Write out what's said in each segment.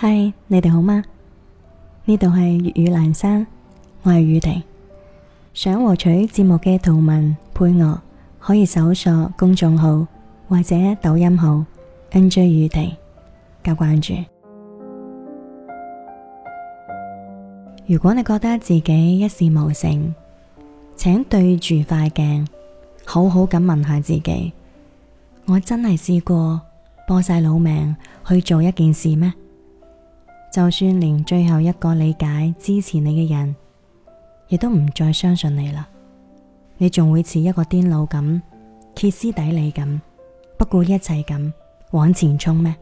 嗨，Hi, 你哋好嗎？呢度係粵語闌山，我係宇婷。想獲取節目嘅圖文、配樂，可以搜索公眾號或者抖音號 NJ 宇婷加關注。如果你覺得自己一事無成，請對住塊鏡，好好咁問下自己：我真係試過搏晒老命去做一件事咩？就算連最後一個理解支持你嘅人，亦都唔再相信你啦。你仲會似一個癲佬咁，歇斯底里咁，不顧一切咁往前衝咩？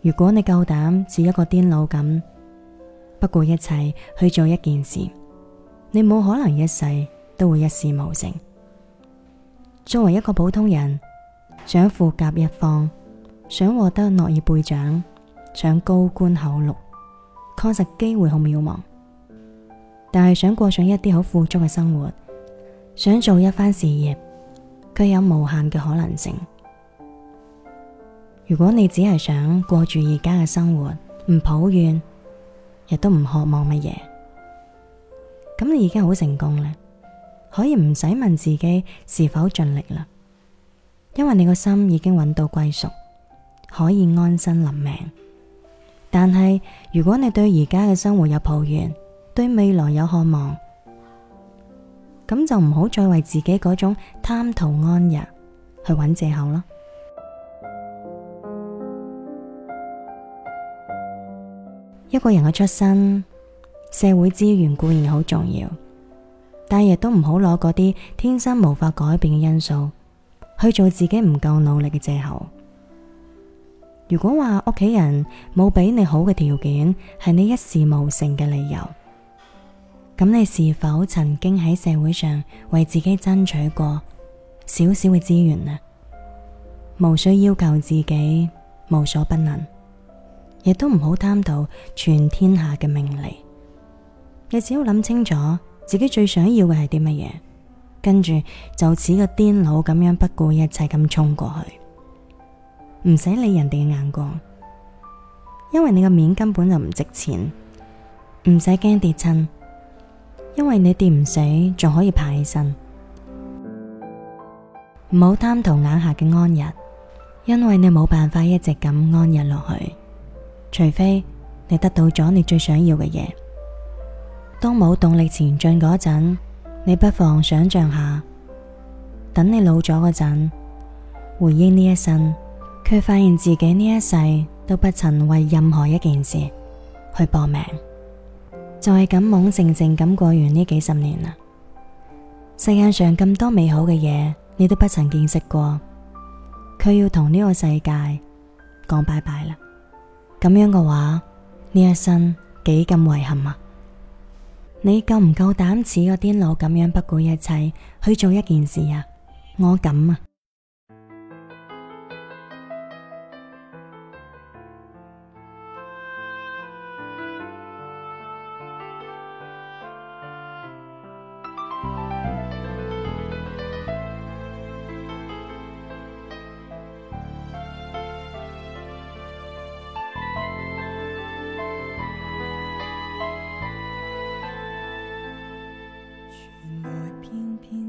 如果你夠膽似一個癲佬咁，不顧一切去做一件事，你冇可能一世都會一事無成。作為一個普通人，想富甲一方，想獲得諾貝爾獎。想高官厚祿，確實機會好渺茫，但係想過上一啲好富足嘅生活，想做一番事業，卻有無限嘅可能性。如果你只係想過住而家嘅生活，唔抱怨，亦都唔渴望乜嘢，咁你已經好成功啦，可以唔使問自己是否盡力啦，因為你個心已經揾到歸屬，可以安身立命。但係，如果你對而家嘅生活有抱怨，對未來有渴望，咁就唔好再為自己嗰種貪圖安逸去揾借口囉。一個人嘅出身、社會資源固然好重要，但亦都唔好攞嗰啲天生無法改變嘅因素去做自己唔夠努力嘅借口。如果話屋企人冇俾你好嘅條件，係你一事無成嘅理由，咁你是否曾經喺社會上為自己爭取過少少嘅資源啊？無需要求自己無所不能，亦都唔好貪圖全天下嘅名利。你只要諗清楚自己最想要嘅係啲乜嘢，跟住就似個癲佬咁樣不顧一切咁衝過去。唔使理人哋嘅眼光，因為你個面根本就唔值錢。唔使驚跌親，因為你跌唔死，仲可以爬起身。唔好貪圖眼下嘅安逸，因為你冇辦法一直咁安逸落去，除非你得到咗你最想要嘅嘢。當冇動力前進嗰陣，你不妨想象下，等你老咗嗰陣，回憶呢一生。佢發現自己呢一世都不曾為任何一件事去搏命，就係咁懵盛盛咁過完呢幾十年啦。世界上咁多美好嘅嘢，你都不曾見識過。佢要同呢個世界講拜拜啦。咁樣嘅話，呢一生幾咁遺憾啊！你夠唔夠膽似個癲佬咁樣不顧一切去做一件事啊？我敢啊！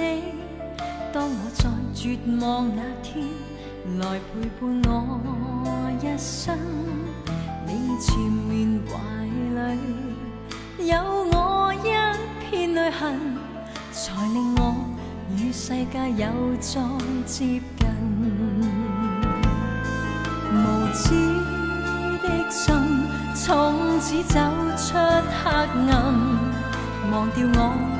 你，當我在絕望那、啊、天，來陪伴我一生，你纏綿懷裡有我一片淚痕，才令我與世界又再接近。無知的心，從此走出黑暗，忘掉我。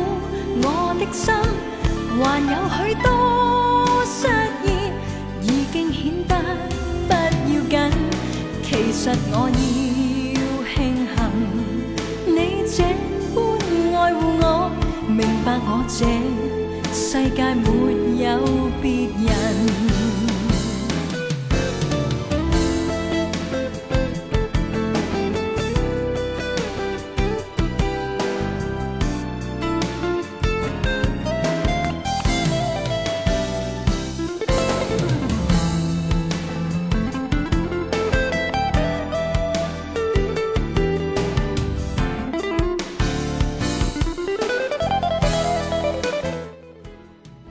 的心，還有許多失意，已經顯得不要緊，其實我要慶幸你這般愛護我，明白我這世界沒有別人。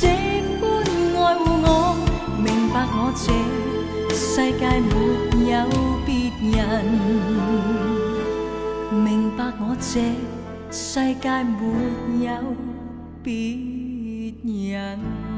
這般愛護我，明白我這世界沒有別人，明白我這世界沒有別人。